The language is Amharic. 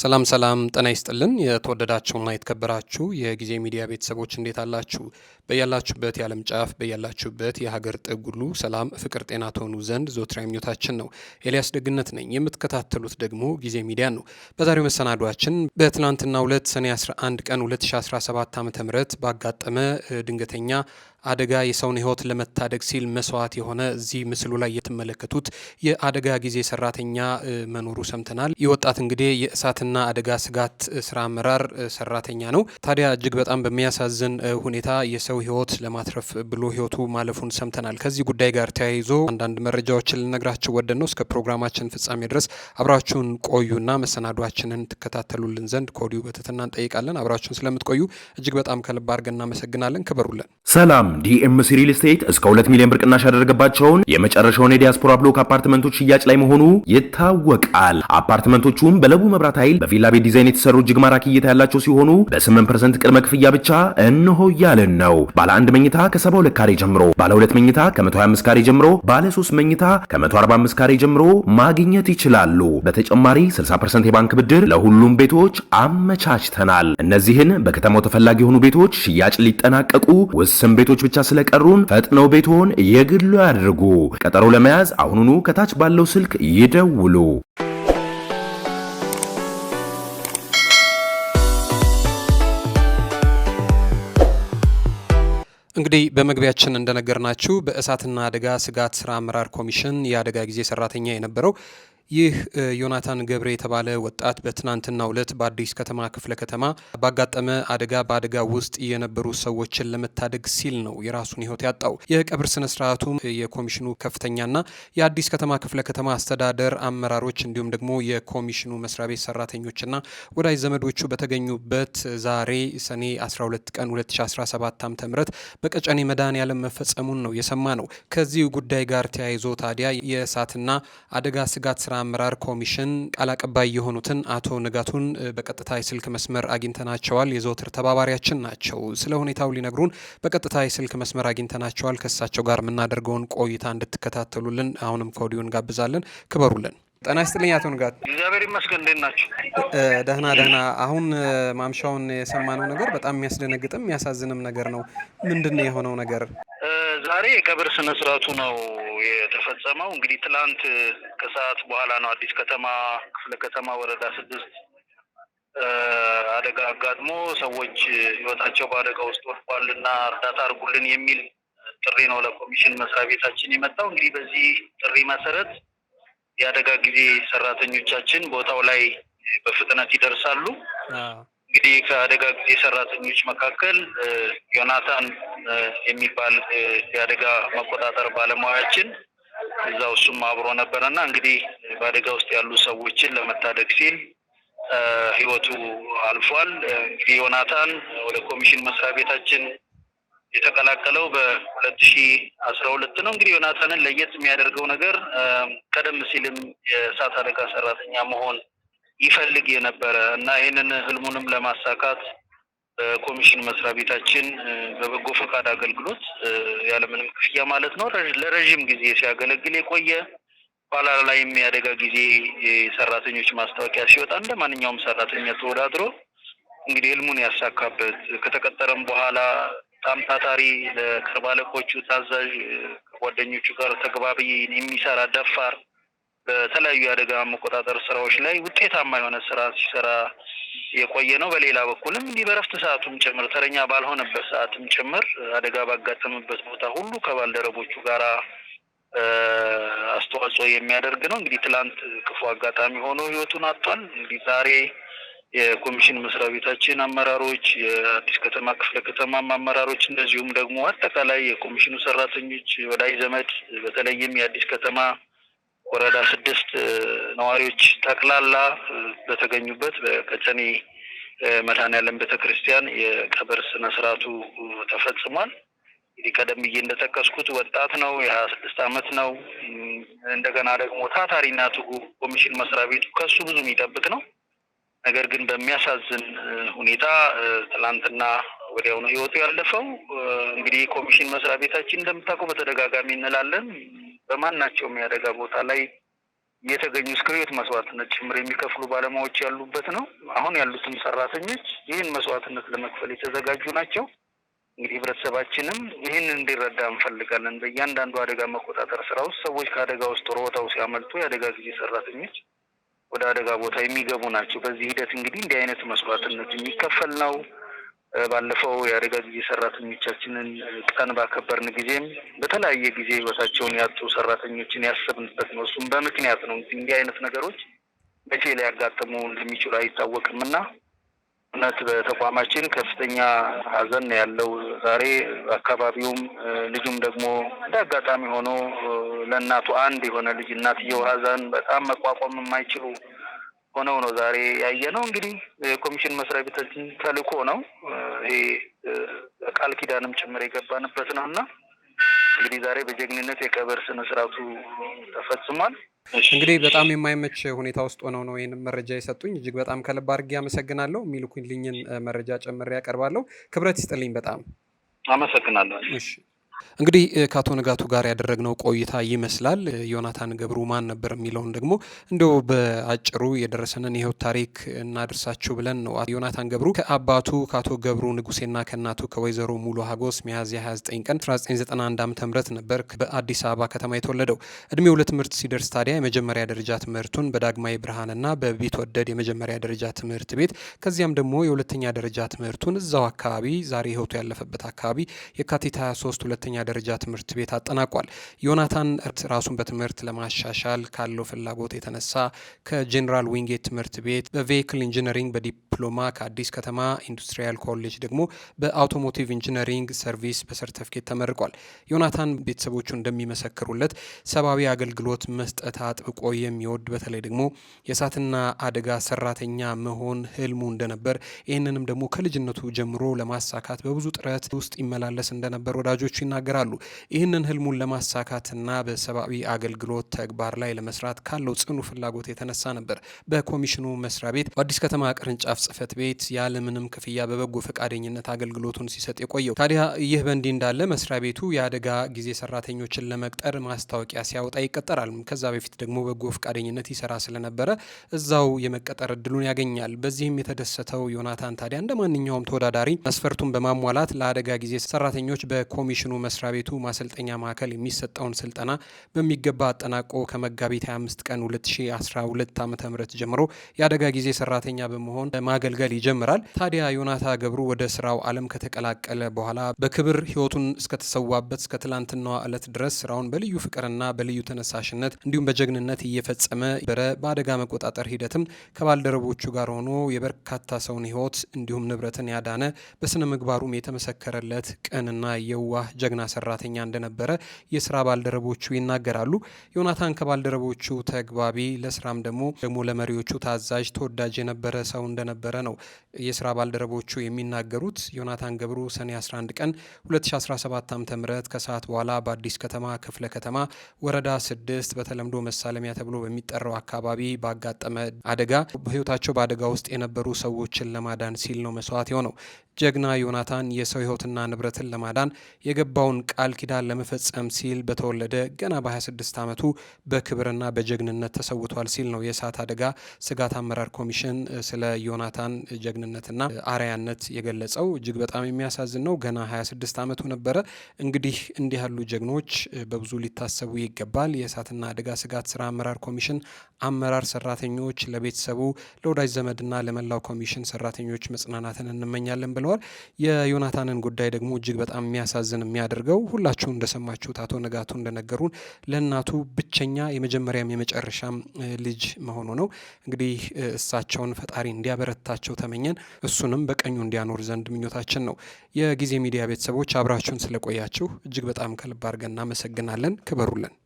ሰላም ሰላም፣ ጤና ይስጥልን። የተወደዳችሁና የተከበራችሁ የጊዜ ሚዲያ ቤተሰቦች እንዴት አላችሁ? በያላችሁበት የዓለም ጫፍ በያላችሁበት የሀገር ጥግ ሁሉ ሰላም፣ ፍቅር፣ ጤና ትሆኑ ዘንድ ዘወትር ምኞታችን ነው። ኤልያስ ደግነት ነኝ። የምትከታተሉት ደግሞ ጊዜ ሚዲያ ነው። በዛሬው መሰናዷችን በትናንትና ሁለት ሰኔ 11 ቀን 2017 ም ባጋጠመ ድንገተኛ አደጋ የሰውን ህይወት ለመታደግ ሲል መስዋዕት የሆነ እዚህ ምስሉ ላይ የተመለከቱት የአደጋ ጊዜ ሰራተኛ መኖሩ ሰምተናል። ይህ ወጣት እንግዲህ የእሳትና አደጋ ስጋት ስራ አመራር ሰራተኛ ነው። ታዲያ እጅግ በጣም በሚያሳዝን ሁኔታ የሰው ህይወት ለማትረፍ ብሎ ህይወቱ ማለፉን ሰምተናል። ከዚህ ጉዳይ ጋር ተያይዞ አንዳንድ መረጃዎችን ልነግራቸው ወደን ነው። እስከ ፕሮግራማችን ፍጻሜ ድረስ አብራችሁን ቆዩና መሰናዷችንን ትከታተሉልን ዘንድ ከወዲሁ በትህትና እንጠይቃለን። አብራችሁን ስለምትቆዩ እጅግ በጣም ከልብ አድርገን እናመሰግናለን። ክበሩልን። ሰላም ዲኤምሲ ሪል ስቴት እስከ 2 ሚሊዮን ብር ቅናሽ ያደረገባቸውን የመጨረሻውን የዲያስፖራ ብሎክ አፓርትመንቶች ሽያጭ ላይ መሆኑ ይታወቃል። አፓርትመንቶቹም በለቡ መብራት ኃይል በቪላ ቤት ዲዛይን የተሰሩ እጅግ ማራኪ እይታ ያላቸው ሲሆኑ በ8% ቅድመ ክፍያ ብቻ እንሆ ያለን ነው። ባለ አንድ መኝታ ከ72 ካሬ ጀምሮ፣ ባለ ሁለት መኝታ ከ125 ካሬ ጀምሮ፣ ባለ 3 መኝታ ከ145 ካሬ ጀምሮ ማግኘት ይችላሉ። በተጨማሪ 60% የባንክ ብድር ለሁሉም ቤቶች አመቻችተናል። እነዚህን በከተማው ተፈላጊ የሆኑ ቤቶች ሽያጭ ሊጠናቀቁ ውስን ቤቶች ደንበኞች ብቻ ስለቀሩን ፈጥነው ቤትዎን የግሉ ያድርጉ። ቀጠሮ ለመያዝ አሁኑኑ ከታች ባለው ስልክ ይደውሉ። እንግዲህ በመግቢያችን እንደነገርናችሁ በእሳትና አደጋ ስጋት ስራ አመራር ኮሚሽን የአደጋ ጊዜ ሰራተኛ የነበረው ይህ ዮናታን ገብረ የተባለ ወጣት በትናንትናው ዕለት በአዲስ ከተማ ክፍለ ከተማ ባጋጠመ አደጋ በአደጋ ውስጥ የነበሩ ሰዎችን ለመታደግ ሲል ነው የራሱን ሕይወት ያጣው። የቀብር ስነ ስርዓቱም የኮሚሽኑ ከፍተኛና የአዲስ ከተማ ክፍለ ከተማ አስተዳደር አመራሮች እንዲሁም ደግሞ የኮሚሽኑ መስሪያ ቤት ሰራተኞችና ወዳጅ ዘመዶቹ በተገኙበት ዛሬ ሰኔ 12 ቀን 2017 ዓ ም በቀጨኔ መድኃኔዓለም መፈጸሙን ነው የሰማ ነው። ከዚህ ጉዳይ ጋር ተያይዞ ታዲያ የእሳትና አደጋ ስጋት ስራ አመራር ኮሚሽን ቃል አቀባይ የሆኑትን አቶ ንጋቱን በቀጥታ የስልክ መስመር አግኝተናቸዋል። የዘወትር ተባባሪያችን ናቸው። ስለ ሁኔታው ሊነግሩን በቀጥታ የስልክ መስመር አግኝተናቸዋል። ከእሳቸው ጋር የምናደርገውን ቆይታ እንድትከታተሉልን አሁንም ከወዲሁ እንጋብዛለን። ክበሩልን። ጤና ይስጥልኝ አቶ ንጋት። እግዚአብሔር ይመስገን። እንዴት ናቸው? ደህና ደህና። አሁን ማምሻውን የሰማነው ነገር በጣም የሚያስደነግጥም የሚያሳዝንም ነገር ነው። ምንድን ነው የሆነው ነገር? ዛሬ የቀብር ስነ ነው የተፈጸመው። እንግዲህ ትላንት ከሰዓት በኋላ ነው አዲስ ከተማ ክፍለ ከተማ ወረዳ ስድስት አደጋ አጋጥሞ ሰዎች ህይወታቸው በአደጋ ውስጥ ወድቋል እና እርዳታ አድርጉልን የሚል ጥሪ ነው ለኮሚሽን መስሪያ ቤታችን የመጣው። እንግዲህ በዚህ ጥሪ መሰረት የአደጋ ጊዜ ሰራተኞቻችን ቦታው ላይ በፍጥነት ይደርሳሉ። ከዚህ ከአደጋ ጊዜ ሰራተኞች መካከል ዮናታን የሚባል የአደጋ መቆጣጠር ባለሙያችን እዛው እሱም አብሮ እና እንግዲህ በአደጋ ውስጥ ያሉ ሰዎችን ለመታደግ ሲል ህይወቱ አልፏል። እንግዲህ ዮናታን ወደ ኮሚሽን መስሪያ ቤታችን የተቀላቀለው በሁለት ሺ አስራ ሁለት ነው። እንግዲህ ዮናታንን ለየት የሚያደርገው ነገር ቀደም ሲልም የእሳት አደጋ ሰራተኛ መሆን ይፈልግ የነበረ እና ይህንን ህልሙንም ለማሳካት በኮሚሽን መስሪያ ቤታችን በበጎ ፈቃድ አገልግሎት ያለምንም ክፍያ ማለት ነው ለረዥም ጊዜ ሲያገለግል የቆየ ኋላ ላይም የአደጋ ጊዜ ሰራተኞች ማስታወቂያ ሲወጣ እንደ ማንኛውም ሰራተኛ ተወዳድሮ እንግዲህ ህልሙን ያሳካበት ከተቀጠረም በኋላ በጣም ታታሪ፣ ለቅርብ አለቆቹ ታዛዥ፣ ከጓደኞቹ ጋር ተግባቢ የሚሰራ ደፋር በተለያዩ የአደጋ መቆጣጠር ስራዎች ላይ ውጤታማ የሆነ ስራ ሲሰራ የቆየ ነው። በሌላ በኩልም እንዲህ በረፍት ሰዓቱም ጭምር ተረኛ ባልሆነበት ሰዓትም ጭምር አደጋ ባጋጠመበት ቦታ ሁሉ ከባልደረቦቹ ጋራ አስተዋጽኦ የሚያደርግ ነው። እንግዲህ ትላንት ክፉ አጋጣሚ ሆኖ ህይወቱን አጥቷል። እንግዲህ ዛሬ የኮሚሽን መስሪያ ቤታችን አመራሮች፣ የአዲስ ከተማ ክፍለ ከተማም አመራሮች እንደዚሁም ደግሞ አጠቃላይ የኮሚሽኑ ሰራተኞች፣ ወዳጅ ዘመድ በተለይም የአዲስ ከተማ ወረዳ ስድስት ነዋሪዎች ጠቅላላ በተገኙበት በቀጨኔ መድኃኔዓለም ቤተክርስቲያን የቀብር ስነ ስርዓቱ ተፈጽሟል። እንግዲህ ቀደም ብዬ እንደጠቀስኩት ወጣት ነው፣ የሀያ ስድስት አመት ነው። እንደገና ደግሞ ታታሪና ትጉ ኮሚሽን መስሪያ ቤቱ ከሱ ብዙ የሚጠብቅ ነው። ነገር ግን በሚያሳዝን ሁኔታ ትላንትና ወዲያው ነው ህይወቱ ያለፈው። እንግዲህ ኮሚሽን መስሪያ ቤታችን እንደምታውቀው በተደጋጋሚ እንላለን በማናቸውም የአደጋ ቦታ ላይ የተገኙ እስከ መስዋዕትነት ጭምር የሚከፍሉ ባለሙያዎች ያሉበት ነው። አሁን ያሉትም ሰራተኞች ይህን መስዋዕትነት ለመክፈል የተዘጋጁ ናቸው። እንግዲህ ህብረተሰባችንም ይህን እንዲረዳ እንፈልጋለን። በእያንዳንዱ አደጋ መቆጣጠር ስራ ውስጥ ሰዎች ከአደጋ ውስጥ ሮጠው ሲያመልጡ የአደጋ ጊዜ ሰራተኞች ወደ አደጋ ቦታ የሚገቡ ናቸው። በዚህ ሂደት እንግዲህ እንዲህ አይነት መስዋዕትነት የሚከፈል ነው። ባለፈው የአደጋ ጊዜ ሰራተኞቻችንን ቀን ባከበርን ጊዜም በተለያየ ጊዜ ህይወታቸውን ያጡ ሰራተኞችን ያሰብንበት ነው። እሱም በምክንያት ነው። እንዲህ አይነት ነገሮች መቼ ሊያጋጥሙ እንደሚችሉ አይታወቅም እና እውነት በተቋማችን ከፍተኛ ሀዘን ያለው ዛሬ አካባቢውም ልጁም ደግሞ እንደ አጋጣሚ ሆኖ ለእናቱ አንድ የሆነ ልጅ እናትየው ሐዘን በጣም መቋቋም የማይችሉ ሆነው ነው ዛሬ ያየ ነው። እንግዲህ የኮሚሽን መስሪያ ቤታችን ተልእኮ ነው ይሄ ቃል ኪዳንም ጭምር የገባንበት ነው እና እንግዲህ ዛሬ በጀግንነት የቀብር ስነስርዓቱ ተፈጽሟል። እንግዲህ በጣም የማይመች ሁኔታ ውስጥ ሆነው ነው ይህንን መረጃ የሰጡኝ። እጅግ በጣም ከልብ አድርጌ አመሰግናለሁ። የሚልኩልኝን መረጃ ጨምሬ ያቀርባለሁ። ክብረት ይስጥልኝ። በጣም አመሰግናለሁ። እንግዲህ ከአቶ ንጋቱ ጋር ያደረግነው ቆይታ ይመስላል። ዮናታን ገብሩ ማን ነበር የሚለውን ደግሞ እንዲሁ በአጭሩ የደረሰንን የህይወት ታሪክ እናደርሳችሁ ብለን ነው። ዮናታን ገብሩ ከአባቱ ከአቶ ገብሩ ንጉሴና ከእናቱ ከወይዘሮ ሙሉ ሀጎስ ሚያዝያ 29 ቀን 1991 ዓ ም ነበር በአዲስ አበባ ከተማ የተወለደው። እድሜው ለትምህርት ሲደርስ ታዲያ የመጀመሪያ ደረጃ ትምህርቱን በዳግማዊ ብርሃንና ወደድ የመጀመሪያ ደረጃ ትምህርት ቤት ከዚያም ደግሞ የሁለተኛ ደረጃ ትምህርቱን እዛው አካባቢ ዛሬ ህይወቱ ያለፈበት አካባቢ የካቲት 23 ሁለተኛ የሁለተኛ ደረጃ ትምህርት ቤት አጠናቋል። ዮናታን ራሱን በትምህርት ለማሻሻል ካለው ፍላጎት የተነሳ ከጄኔራል ዊንጌት ትምህርት ቤት በቬክል ኢንጂነሪንግ በዲፕሎማ ከአዲስ ከተማ ኢንዱስትሪያል ኮሌጅ ደግሞ በአውቶሞቲቭ ኢንጂነሪንግ ሰርቪስ በሰርተፍኬት ተመርቋል። ዮናታን ቤተሰቦቹ እንደሚመሰክሩለት ሰብአዊ አገልግሎት መስጠት አጥብቆ የሚወድ በተለይ ደግሞ የእሳትና አደጋ ሰራተኛ መሆን ህልሙ እንደነበር ይህንንም ደግሞ ከልጅነቱ ጀምሮ ለማሳካት በብዙ ጥረት ውስጥ ይመላለስ እንደነበር ወዳጆቹ ይናገራል። ይናገራሉ። ይህንን ህልሙን ለማሳካትና በሰብአዊ አገልግሎት ተግባር ላይ ለመስራት ካለው ጽኑ ፍላጎት የተነሳ ነበር በኮሚሽኑ መስሪያ ቤት በአዲስ ከተማ ቅርንጫፍ ጽህፈት ቤት ያለምንም ክፍያ በበጎ ፈቃደኝነት አገልግሎቱን ሲሰጥ የቆየው። ታዲያ ይህ በእንዲህ እንዳለ መስሪያ ቤቱ የአደጋ ጊዜ ሰራተኞችን ለመቅጠር ማስታወቂያ ሲያወጣ ይቀጠራል። ከዛ በፊት ደግሞ በጎ ፈቃደኝነት ይሰራ ስለነበረ እዛው የመቀጠር እድሉን ያገኛል። በዚህም የተደሰተው ዮናታን ታዲያ እንደ ማንኛውም ተወዳዳሪ መስፈርቱን በማሟላት ለአደጋ ጊዜ ሰራተኞች በኮሚሽኑ መስሪያ ቤቱ ማሰልጠኛ ማዕከል የሚሰጠውን ስልጠና በሚገባ አጠናቆ ከመጋቢት 25 ቀን 2012 ዓ ም ጀምሮ የአደጋ ጊዜ ሰራተኛ በመሆን ማገልገል ይጀምራል። ታዲያ ዮናታ ገብሩ ወደ ስራው አለም ከተቀላቀለ በኋላ በክብር ህይወቱን እስከተሰዋበት እስከ ትላንትናዋ ዕለት ድረስ ስራውን በልዩ ፍቅርና በልዩ ተነሳሽነት እንዲሁም በጀግንነት እየፈጸመ በረ በአደጋ መቆጣጠር ሂደትም ከባልደረቦቹ ጋር ሆኖ የበርካታ ሰውን ህይወት እንዲሁም ንብረትን ያዳነ በስነ ምግባሩም የተመሰከረለት ቅንና የዋህ ጀግና ጀግና ሰራተኛ እንደነበረ የስራ ባልደረቦቹ ይናገራሉ። ዮናታን ከባልደረቦቹ ተግባቢ፣ ለስራም ደግሞ ደግሞ ለመሪዎቹ ታዛዥ፣ ተወዳጅ የነበረ ሰው እንደነበረ ነው የስራ ባልደረቦቹ የሚናገሩት። ዮናታን ገብሩ ሰኔ 11 ቀን 2017 ዓ ም ከሰዓት በኋላ በአዲስ ከተማ ክፍለ ከተማ ወረዳ 6 በተለምዶ መሳለሚያ ተብሎ በሚጠራው አካባቢ ባጋጠመ አደጋ በህይወታቸው በአደጋ ውስጥ የነበሩ ሰዎችን ለማዳን ሲል ነው መስዋዕት የሆነው። ጀግና ዮናታን የሰው ህይወትና ንብረትን ለማዳን የገባ የገባውን ቃል ኪዳን ለመፈጸም ሲል በተወለደ ገና በ26 ዓመቱ በክብርና በጀግንነት ተሰውቷል ሲል ነው የእሳት አደጋ ስጋት አመራር ኮሚሽን ስለ ዮናታን ጀግንነትና አርያነት የገለጸው። እጅግ በጣም የሚያሳዝን ነው። ገና 26 ዓመቱ ነበረ። እንግዲህ እንዲህ ያሉ ጀግኖች በብዙ ሊታሰቡ ይገባል። የእሳትና አደጋ ስጋት ስራ አመራር ኮሚሽን አመራር ሰራተኞች ለቤተሰቡ ለወዳጅ ዘመድና ለመላው ኮሚሽን ሰራተኞች መጽናናትን እንመኛለን ብለዋል። የዮናታንን ጉዳይ ደግሞ እጅግ በጣም የሚያሳዝን የሚያ አድርገው ሁላችሁ እንደሰማችሁት አቶ ንጋቱ እንደነገሩን ለእናቱ ብቸኛ የመጀመሪያም የመጨረሻም ልጅ መሆኑ ነው። እንግዲህ እሳቸውን ፈጣሪ እንዲያበረታቸው ተመኘን። እሱንም በቀኙ እንዲያኖር ዘንድ ምኞታችን ነው። የጊዜ ሚዲያ ቤተሰቦች አብራችሁን ስለቆያችሁ እጅግ በጣም ከልብ አድርገን እናመሰግናለን። ክበሩልን።